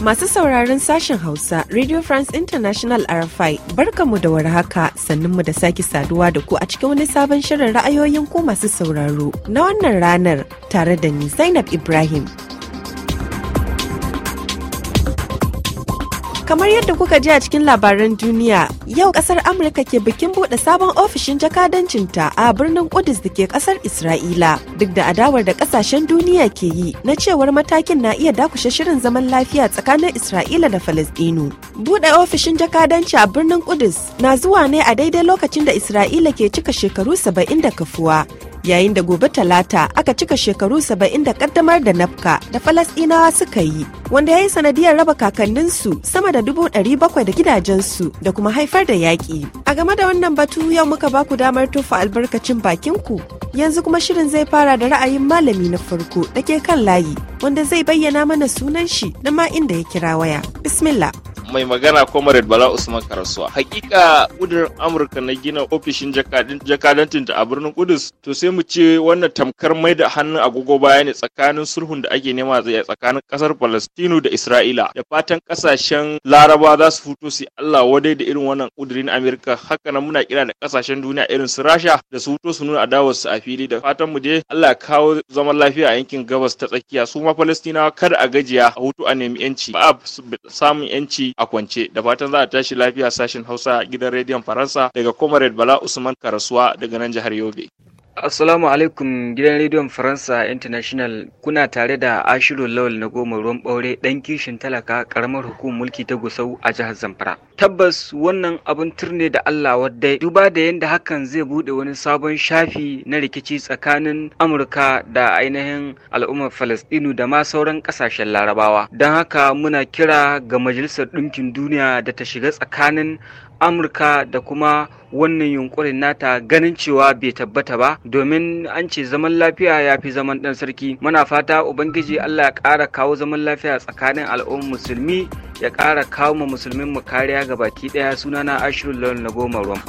Masu sauraron sashen Hausa, Radio France International RFI, mu da warhaka sannunmu da sake saduwa da ku a cikin wani sabon shirin ra'ayoyin ku masu sauraro na wannan ranar tare da ni Zainab Ibrahim. Kamar yadda kuka ji a cikin labaran duniya, yau kasar Amurka ke bikin bude sabon ofishin jakadancinta a birnin Kudus da ke kasar Isra'ila. Duk da adawar da kasashen duniya ke yi na cewar matakin na iya dakushe shirin zaman lafiya tsakanin Isra'ila da Falasɗinu. Bude ofishin jakadanci a birnin Kudus na zuwa ne a daidai lokacin da Isra'ila ke cika shekaru saba'in da kafuwa. yayin da gobe talata aka cika shekaru saba'in da kaddamar da nafka da falasɗinawa suka yi wanda ya yi sanadiyar raba kakanninsu sama da dubu ɗari bakwai da gidajensu da kuma haifar da yaƙi a game da wannan batu yau muka baku damar tofa albarkacin bakin ku? yanzu kuma shirin zai fara da ra'ayin malami na farko da ke kan layi wanda zai bayyana mana sunan shi na ma inda ya kira waya bismillah mai magana comrade bala usman karasuwa hakika kudin amurka na gina ofishin jakadantin da a birnin kudus to sai mu ce wannan tamkar mai da hannun agogo baya ne tsakanin sulhun da ake nema a tsakanin kasar palestino da isra'ila da fatan kasashen laraba za su fito su allah wadai da irin wannan kudirin amurka haka nan muna kira da kasashen duniya irin su rasha da su fito su nuna adawar su a fili da fatan mu je allah kawo zaman lafiya a yankin gabas ta tsakiya su ma palestinawa kada a gajiya a hutu a nemi yanci ba a samun yanci a kwance da fatan za a tashi lafiya sashen hausa gidan rediyon faransa daga comrade bala usman karasuwa daga nan jihar yobe Assalamu alaikum gidan rediyon Faransa International kuna tare da Ashiru Lawal na goma ruwan ɓaure ɗan kishin talaka ƙaramar hukumar mulki ta Gusau a jihar Zamfara. Tabbas wannan abin turne da Allah wadda duba da yadda hakan zai buɗe wani sabon shafi na rikici tsakanin Amurka da ainihin al'ummar Falastinu da ma sauran ƙasashen Larabawa. Don haka muna kira ga Majalisar Ɗinkin Duniya da ta shiga tsakanin amurka da kuma wannan yunkurin nata ganin cewa bai tabbata ba domin an ce zaman lafiya ya fi zaman ɗan sarki muna fata ubangiji allah ya ƙara kawo zaman lafiya tsakanin al'ummar musulmi ya ƙara kawo ma musulmin mu kariya ga baki ɗaya sunana ashirin launin na goma ruwan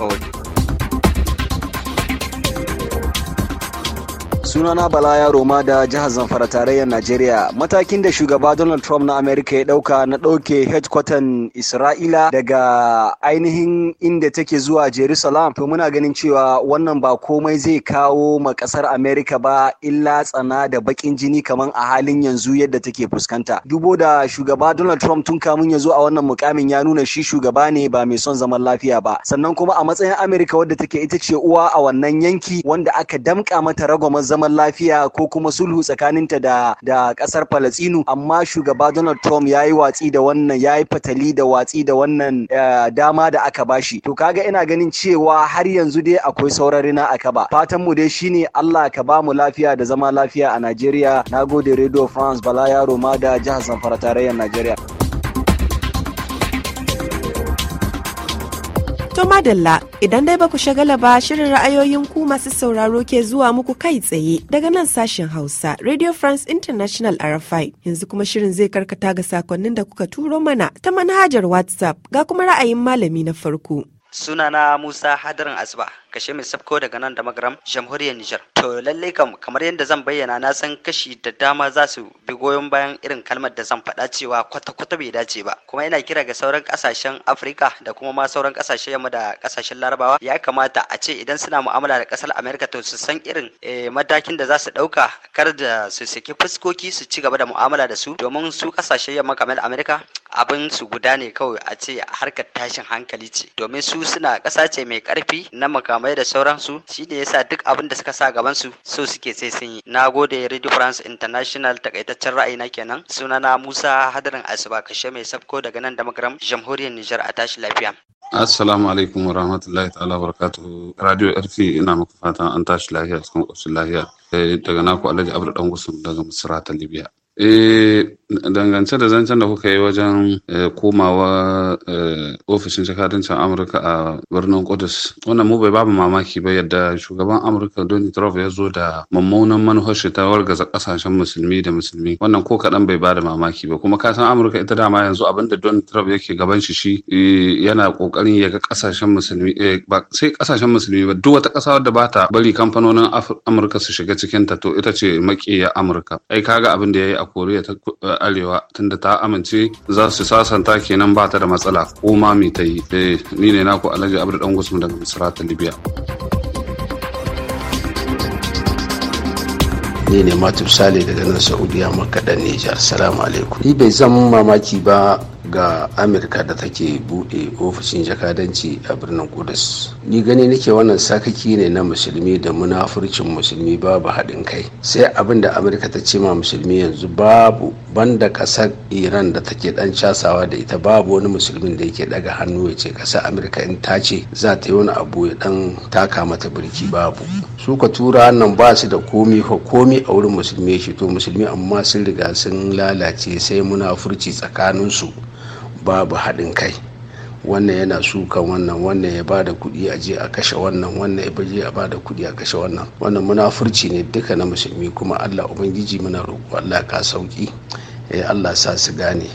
sunana bala ya roma da jihar zamfara tarayyar najeriya matakin da shugaba donald trump na Amerika ya dauka na dauke headquarter isra'ila daga ainihin inda take zuwa jerusalem to muna ganin cewa wannan ba komai zai kawo ma kasar Amerika ba illa tsana da bakin jini kamar a halin yanzu yadda take fuskanta dubo da shugaba donald trump tun kamun ya zo a wannan mukamin ya nuna shi shugaba ne ba mai son zaman lafiya ba sannan kuma a matsayin amerika wadda take ita ce uwa a wannan yanki wanda aka damka mata ragwamar zaman lafiya ko kuma sulhu tsakaninta da da kasar Falastinu amma shugaba Donald Trump ya yi watsi da wannan ya yi fatali da watsi da wannan eh, dama da aka bashi to kaga ina ganin cewa har yanzu dai akwai sauran rina a kaba fatan mu dai shine Allah ka ba mu lafiya da zama lafiya a Najeriya nagode Radio France Bala Yaro ma da jihar Zamfara tarayyar Najeriya To madalla idan dai baku shagala ba shirin ra'ayoyin ku masu sauraro ke zuwa muku kai tsaye daga nan sashen Hausa Radio France International RFI yanzu kuma shirin zai karkata ga sakonnin da kuka turo mana ta manhajar WhatsApp ga kuma ra'ayin malami na farko. Sunana Musa Hadarin Asba kashe mai sabko daga nan da magaram jamhuriyar Nijar. To lallai kam kamar yadda zan bayyana na san kashi da dama za su bi goyon bayan irin kalmar da zan faɗa cewa kwata-kwata bai dace ba. Kuma ina kira ga sauran kasashen Afirka da kuma ma sauran kasashe yamma da kasashen Larabawa ya kamata a ce idan suna mu'amala da kasar Amerika to su san irin eh, matakin da za su ɗauka kar da su saki fuskoki su ci gaba da mu'amala da su domin su kasashe yamma kamar Amerika abin su guda ne kawai a ce harkar tashin hankali ce domin su suna ƙasa mai ƙarfi na makam mai da sauransu shi ne yasa duk abin da suka sa gaban su so suke sai sun yi na gode radio france international takaitaccen na kenan sunana musa hadarin asuba kashe mai sabko daga nan da magaram jamhuriyar niger a tashi lafiya Assalamu alaikum wa rahmatullahi ta'ala wa Radio rf ina muku fatan an tashi lafiya cikin ƙoshin lafiya. Eh, daga naku Alhaji Abdul Dangusun daga Misra ta Libya. Eh, dangance da zancen da kuka yi wajen eh, komawa eh, ofishin jakadancin Amurka a birnin Kudus. Wannan mu bai babu mamaki ba yadda shugaban Amurka Donald Trump ya zo da mummunan manufar ta wargaza kasashen musulmi da musulmi. Wannan ko kaɗan bai bada mamaki ba. Kuma kasan Amurka ita dama yanzu abin da Donald Trump yake gaban shi shi eh, yana ƙoƙarin ya ga kasashen musulmi ba sai kasashen musulmi ba duk wata ƙasa wadda bata, bari kamfanonin Amurka su shiga cikinta to ita ce maƙiya Amurka. Ai kaga abin da ya yi a koriya ta arewa tunda ta amince za su sasanta kenan ba ta da matsala ko ma mai ta yi eh, ni ne naku alhaji abdu dan gusum daga misrata libya ni ne matu sale daga nan saudiya makaɗan nijar salamu alaikum ni bai zan mamaki ba ga amurka da take buɗe ofishin jakadanci a birnin kudus ni gani nake wannan sakaki ne na musulmi da munafurcin musulmi babu haɗin kai sai abin da amurka ta ce ma musulmi yanzu babu banda ƙasar iran da take ɗan casawa da ita babu wani musulmin da yake daga hannu ya ce ƙasar amurka in ta ce za ta yi wani abu ya ɗan taka mata birki babu su ka tura nan ba su da komi ko komi a wurin musulmi yake to musulmi amma sun riga sun lalace sai munafurci tsakaninsu babu haɗin kai wannan yana sukan wannan wannan ya bada kuɗi a je a kashe wannan wannan ya baje a bada kuɗi a kashe wannan wannan munafurci ne duka na musulmi kuma Allah ubangiji muna roƙo Allah ka sauki eh Allah sa su gane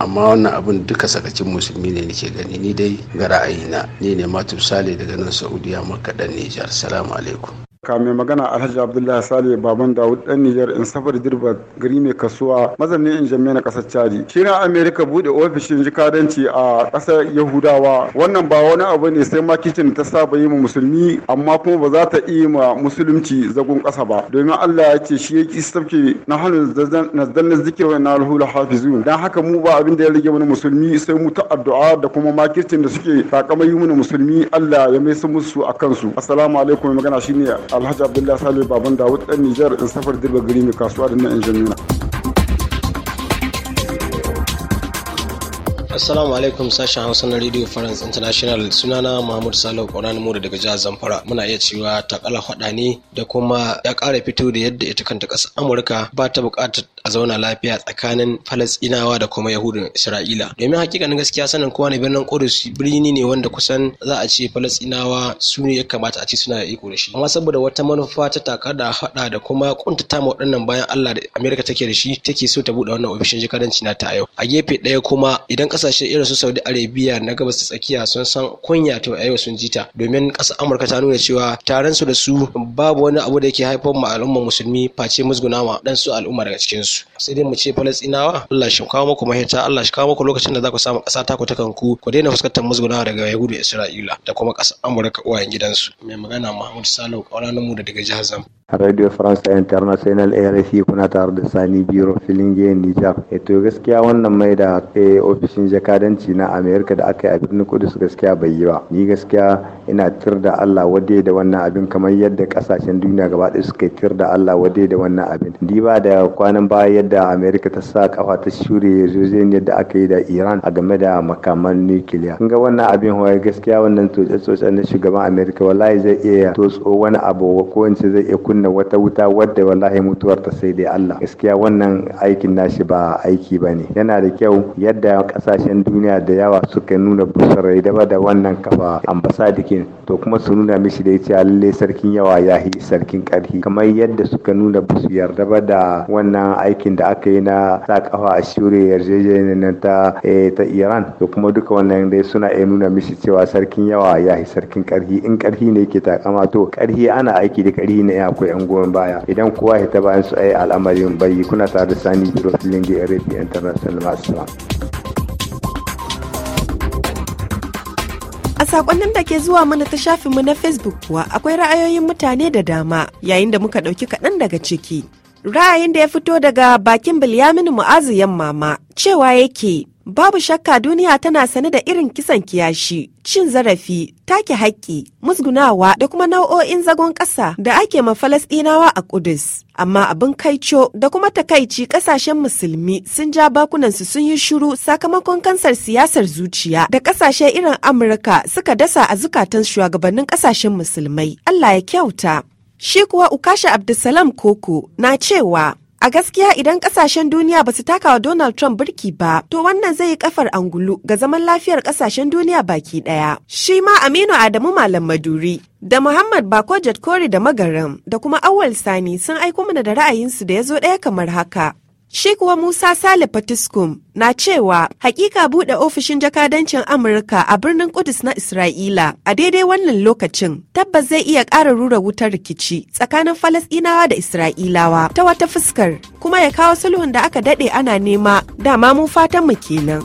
amma wannan abin duka sakacin musulmi ne nake gani ni dai ga ra'ayina ni ne matu sale daga nan saudiya makaɗan nijar salamu alaikum Ka mai magana alhaji abdullahi sale baban dawud dan nijar in safar dirba gari mai kasuwa mazanin injamiya na kasar chadi shi na amerika bude ofishin jikadanci a kasar yahudawa wannan ba wani abu ne sai ma kicin ta saba yi ma musulmi amma kuma ba za ta iya ma musulunci zagon kasa ba domin allah ya ce shi ya ki sauke na hannun nazdan zikirin na alhula hafizu dan haka mu ba abin da ya rage mana musulmi sai mu ta addu'a da kuma makircin da suke takamai mana musulmi allah ya mai su musu a kansu assalamu alaikum magana shine a. alhaji abdullahi salihu baban dawud dan nijar in safar dirba gari mai kasuwa da na injiniya Assalamu alaikum sashen Hausa na Radio France International sunana Mahmud Salo Kwanan Mura daga jihar Zamfara muna iya cewa takala hada ne da kuma ya kara fito da yadda ita kanta ƙasar Amurka ba ta bukatar a zauna lafiya tsakanin Falasɗinawa da kuma Yahudun Isra'ila. Domin hakikanin gaskiya sanin kowa ne birnin Kudus birni ne wanda kusan za a ce Falasɗinawa su ne ya kamata a ce suna da iko da shi. Amma saboda wata manufa ta taka da hada da kuma kuntata ma waɗannan bayan Allah da Amerika take da shi take so ta buɗe wannan ofishin jikadanci na ta yau. A gefe ɗaya kuma idan kasashe irin su saudi arabia na gabas ta tsakiya sun san kunya to a yau sun ta domin ƙasar amurka ta nuna cewa taron su da su babu wani abu da yake haifar ma al'ummar musulmi face musgunawa dan su al'umma daga cikin su sai dai mu ce falastinawa allah shi kawo muku mahita allah shi kawo muku lokacin da za ku samu ƙasa ta ku ta kanku ku daina fuskantar musgunawa daga yahudu isra'ila da kuma ƙasar amurka uwayen gidansu mai magana muhammad salau ƙauranin mu da daga jihar zamfara A Radio France International RFI kuna tare da Sani Biro filin Filinge Nijar. E eh, to gaskiya wannan mai da eh, ofishin jakadanci na Amerika da aka yi a birnin Kudus gaskiya bai yi ba. Ni gaskiya ina tir da Allah wade da wannan abin kamar yadda kasashen duniya gaba ɗaya suka tir da Allah wade da wannan abin. ba da kwanan baya yadda Amerika ta sa kafa ta shure yarjejeniyar yadda aka yi da Iran a game da makaman nukiliya. Kun ga wannan abin hawa gaskiya wannan tsotse-tsotse na shugaban Amerika wallahi zai iya tsotso wani abu ko zai iya kunna wata wuta wadda wallahi mutuwar ta sai dai Allah gaskiya wannan aikin nashi ba aiki bane yana da kyau yadda kasashen duniya da yawa suka nuna busarai daba da wannan kafa ambasadikin to kuma su nuna mishi da yace lalle sarkin yawa yahi sarkin karhi kamar yadda suka nuna busu yarda ba da wannan aikin da aka yi na sa kafa a shure yarjejeniyar ta eh, ta Iran to kuma duka wannan dai suna iya nuna mishi cewa sarkin yawa yahi sarkin karhi in karhi ne yake takama to karhi ana aiki da karhi ne akwai 'yan goyon baya idan kowa ya ta bayan su yi al'amarin bayi kuna tare da sani biro filin da arabi international masu A sakonnin da ke zuwa mana ta shafinmu na Facebook kuwa akwai ra'ayoyin mutane da dama yayin da muka ɗauki kaɗan daga ciki. Ra'ayin da ya fito daga bakin bilyaminu Mu'azu yamma ma cewa yake Babu shakka duniya tana sane da irin kisan kiyashi, cin zarafi, take haƙƙi, musgunawa da kuma nau'o'in zagon ƙasa da ake ma Falasɗinawa a Kudus. Amma abin kaico da kuma takaici ƙasashen musulmi sun ja bakunansu sun yi shuru sakamakon kansar siyasar zuciya da ƙasashe irin Amurka suka dasa a zukatan shugabannin ƙasashen musulmai. Allah ya kyauta. Shi kuwa Ukasha Abdulsalam Koko na cewa A gaskiya idan kasashen duniya ba su taka wa Donald Trump birki ba, to wannan zai yi kafar angulu ga zaman lafiyar kasashen duniya baki ɗaya. Shi ma Aminu Adamu Malam Maduri, da Muhammad Bako Jatkori da Magaram, da kuma Awal Sani sun aiko mana da ra'ayinsu da ya zo ɗaya kamar haka. Shi Musa Sale Patiskum na cewa hakika buɗe ofishin jakadancin Amurka a birnin Kudus na Isra'ila a daidai wannan lokacin tabbas zai iya ƙara rura wutar rikici tsakanin Falasɗinawa da Isra'ilawa ta wata fuskar kuma ya kawo sulhun da aka daɗe ana nema dama mu fatan mu kenan.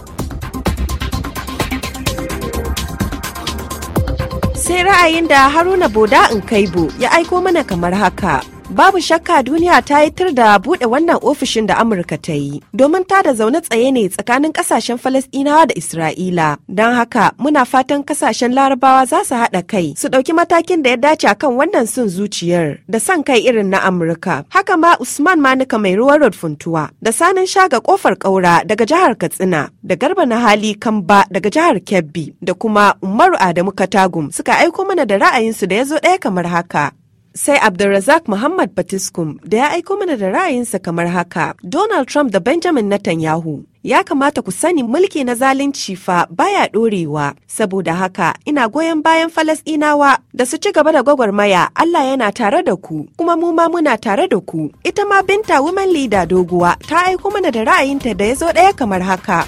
Sai ra'ayin da Haruna Boda in Nkaibo ya aiko mana kamar haka. Babu shakka duniya ta yi tur da buɗe wannan ofishin da Amurka ta yi, domin ta da zaune tsaye ne tsakanin ƙasashen Falasɗinawa da Isra'ila. Don haka muna fatan ƙasashen Larabawa za su haɗa kai su ɗauki matakin da ya dace a kan wannan sun zuciyar da son kai irin na Amurka. Haka ma Usman Manuka mai ruwan Road Funtuwa da sanin shaga ƙofar ƙaura daga jihar Katsina da Garba na hali Kamba daga jihar Kebbi da kuma Umaru Adamu Katagum suka aiko mana da ra'ayinsu da ya zo ɗaya kamar haka. sai Abdulrazak Muhammad Batiskum da ya aiko mana da ra'ayinsa kamar haka. Donald Trump da Benjamin Netanyahu ya kamata ku sani mulki na zalunci fa baya ɗorewa saboda haka ina goyon bayan falasɗinawa da su ci gaba da gwagwarmaya Allah yana tare da ku kuma mu ma muna tare da ku ita ma binta women leader doguwa ta aiko mana da ra'ayinta da ya zo ɗaya kamar haka.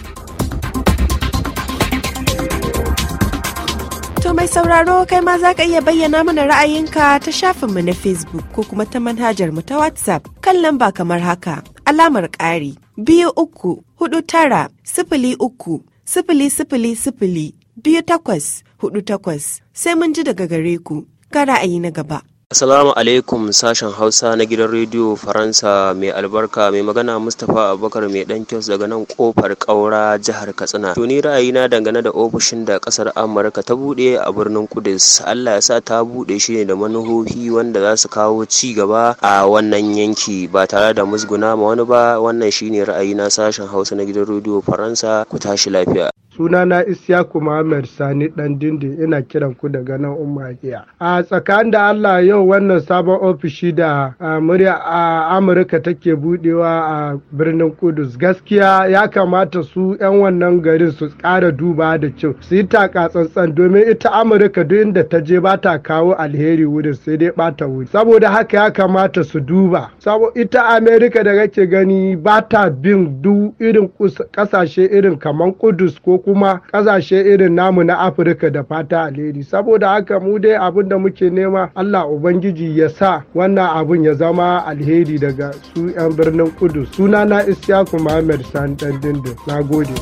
mai sauraro kai ma za ka iya bayyana mana ra'ayinka ta shafinmu na Facebook ko kuma ta manhajar mu ta WhatsApp kan lamba kamar haka alamar ƙari biyu uku hudu tara sifili uku sifili sifili sifili biyu takwas hudu takwas sai mun ji daga gare ku ga ra'ayi na gaba. Assalamu alaikum sashen Hausa na gidan rediyo Faransa mai albarka mai magana Mustapha Abubakar mai dan kyos daga nan kofar ƙaura jihar Katsina. To ni ra'ayina dangane da ofishin da ƙasar Amurka ta buɗe a birnin Kudus. Allah ya sa ta buɗe shi ne da manuhohi wanda za su kawo ci gaba a wannan yanki ba tare da musguna ma wani ba wannan shine ra'ayina sashen Hausa na gidan rediyo Faransa ku tashi lafiya. sunana Isyaku Muhammad Sani ɗan dindi ina kiran ku daga nan Umahiya. A tsakanin da Allah yau wannan sabon ofishi da murya a Amurka take budewa a birnin Kudus gaskiya ya kamata su 'yan wannan garin su ƙara duba da kyau su yi taka tsantsan domin ita Amurka duk inda ta je ba ta kawo alheri wurin sai dai bata wuri. Saboda haka ya kamata su duba. Saboda ita Amerika da kake gani ba ta bin duk irin kasashe irin kamar Kudus ko kuma ƙasashe irin namu na afirka da fata alheri saboda haka mu dai abin da muke nema allah ubangiji ya sa wannan abin ya zama alheri daga su 'yan birnin Kudu, sunana isyaku muhammad san dandindin na gode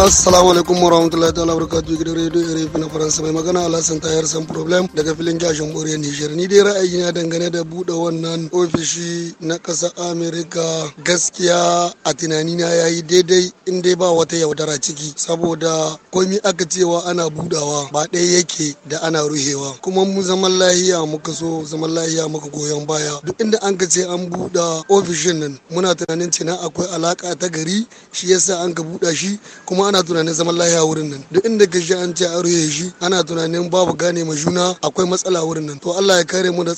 assalamu alaikum warahmatullahi ta'ala barakatuh gidan radio rfi na faransa mai magana alhassan tayar san problem daga filin gashin bore niger ni dai ra'ayi na dangane da bude wannan ofishi na ƙasar amerika gaskiya a tunani na yayi daidai in dai ba wata yaudara ciki saboda komi aka cewa ana budawa ba ɗaya yake da ana ruhewa kuma mu zaman lahiya muka so zaman lahiya muka goyon baya duk inda an ka ce an buɗe ofishin nan muna tunanin cina akwai alaka ta gari shi yasa an ka buɗa shi kuma ana tunanin zaman lahiya wurin nan duk inda ka shi an ce an rufe shi ana tunanin babu gane ma juna akwai matsala wurin nan to Allah ya kare mu da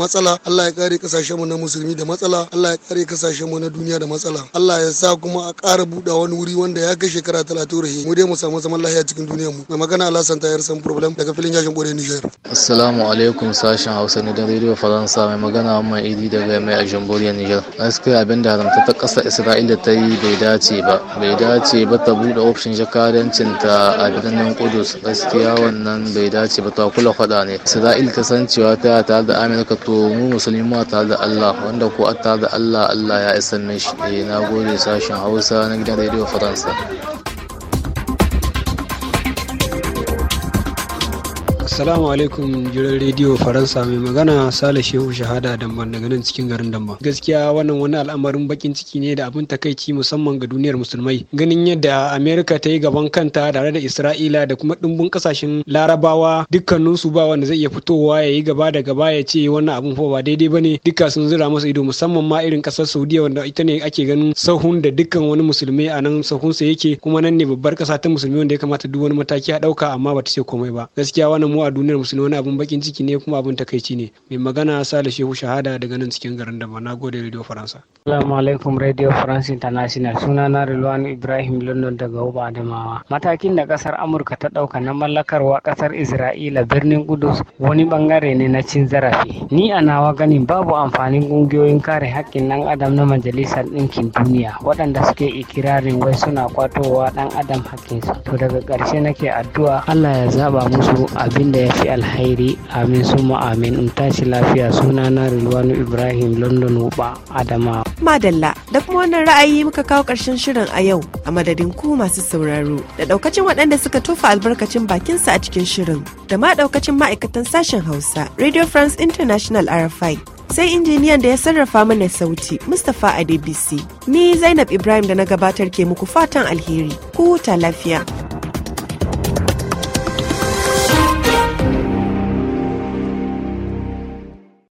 matsala Allah ya kare kasashen mu na musulmi da matsala Allah ya kare kasashen mu na duniya da matsala Allah ya sa kuma a ƙara buɗa wani wuri wanda ya kai shekara 30 rahi mu dai mu samu zaman lahiya cikin duniyar mu mai magana Allah san tayar san problem daga filin yashin gore Niger Assalamu alaikum sashen Hausa ne dan Radio Faransa mai magana amma idi daga mai a jamhuriyar Niger gaskiya abinda haramta ta kasa Isra'ila ta yi bai dace ba bai dace ba ta buɗe ofishin jakadancin ta a birnin Kudus gaskiya wannan bai dace ba ta kula faɗa ne. san kasancewa ta tare da Amurka to mu musulmi ma ta da Allah wanda ko tare da Allah Allah ya isa mishi. Eh, na gode sashen Hausa na gidan Radio Faransa. Assalamu alaikum jiran rediyo Faransa mai magana Sale Shehu Shahada Damban daga nan cikin garin Damban. Gaskiya wannan wani al'amarin bakin ciki ne da abin takaici musamman ga duniyar musulmai. Ganin yadda Amerika ta yi gaban kanta tare da Isra'ila da kuma dimbin kasashen Larabawa dukkanin su ba wanda zai iya fitowa ya yi gaba da gaba ya ce wannan abin fa ba daidai bane duka sun zira masa ido musamman ma irin kasar Saudiya wanda ita ne ake ganin sahun da dukkan wani musulmi a nan sa yake kuma nan ne babbar kasa ta musulmi wanda ya kamata duk wani mataki a dauka amma bata ce komai ba. Gaskiya wannan mu a duniyar musulmi wani abun bakin ciki ne kuma abun takaici ne mai magana sale shehu shahada daga nan cikin garin da na gode radio faransa assalamu alaikum radio france international suna na rilwan ibrahim london daga uba adamawa matakin da kasar amurka ta dauka na mallakarwa kasar isra'ila birnin kudus wani bangare ne na cin zarafi ni a nawa ganin babu amfanin kungiyoyin kare hakkin dan adam na majalisar ɗinkin duniya waɗanda suke ikirarin wai suna kwatowa dan adam hakkinsu to daga ƙarshe nake addu'a allah ya zaba musu abin da ya fi alhairi amin su amin in tashi lafiya suna sunana rilwanu ibrahim london wuba adama madalla da kuma wannan ra'ayi muka kawo ƙarshen shirin a yau a madadin ku masu sauraro da ɗaukacin waɗanda suka tofa albarkacin bakinsa a cikin shirin da ma ɗaukacin ma'aikatan sashen hausa radio france international rfi sai injiniyan da ya sarrafa mana sauti mustapha adebisi ni zainab ibrahim da na gabatar ke muku fatan alheri ku huta lafiya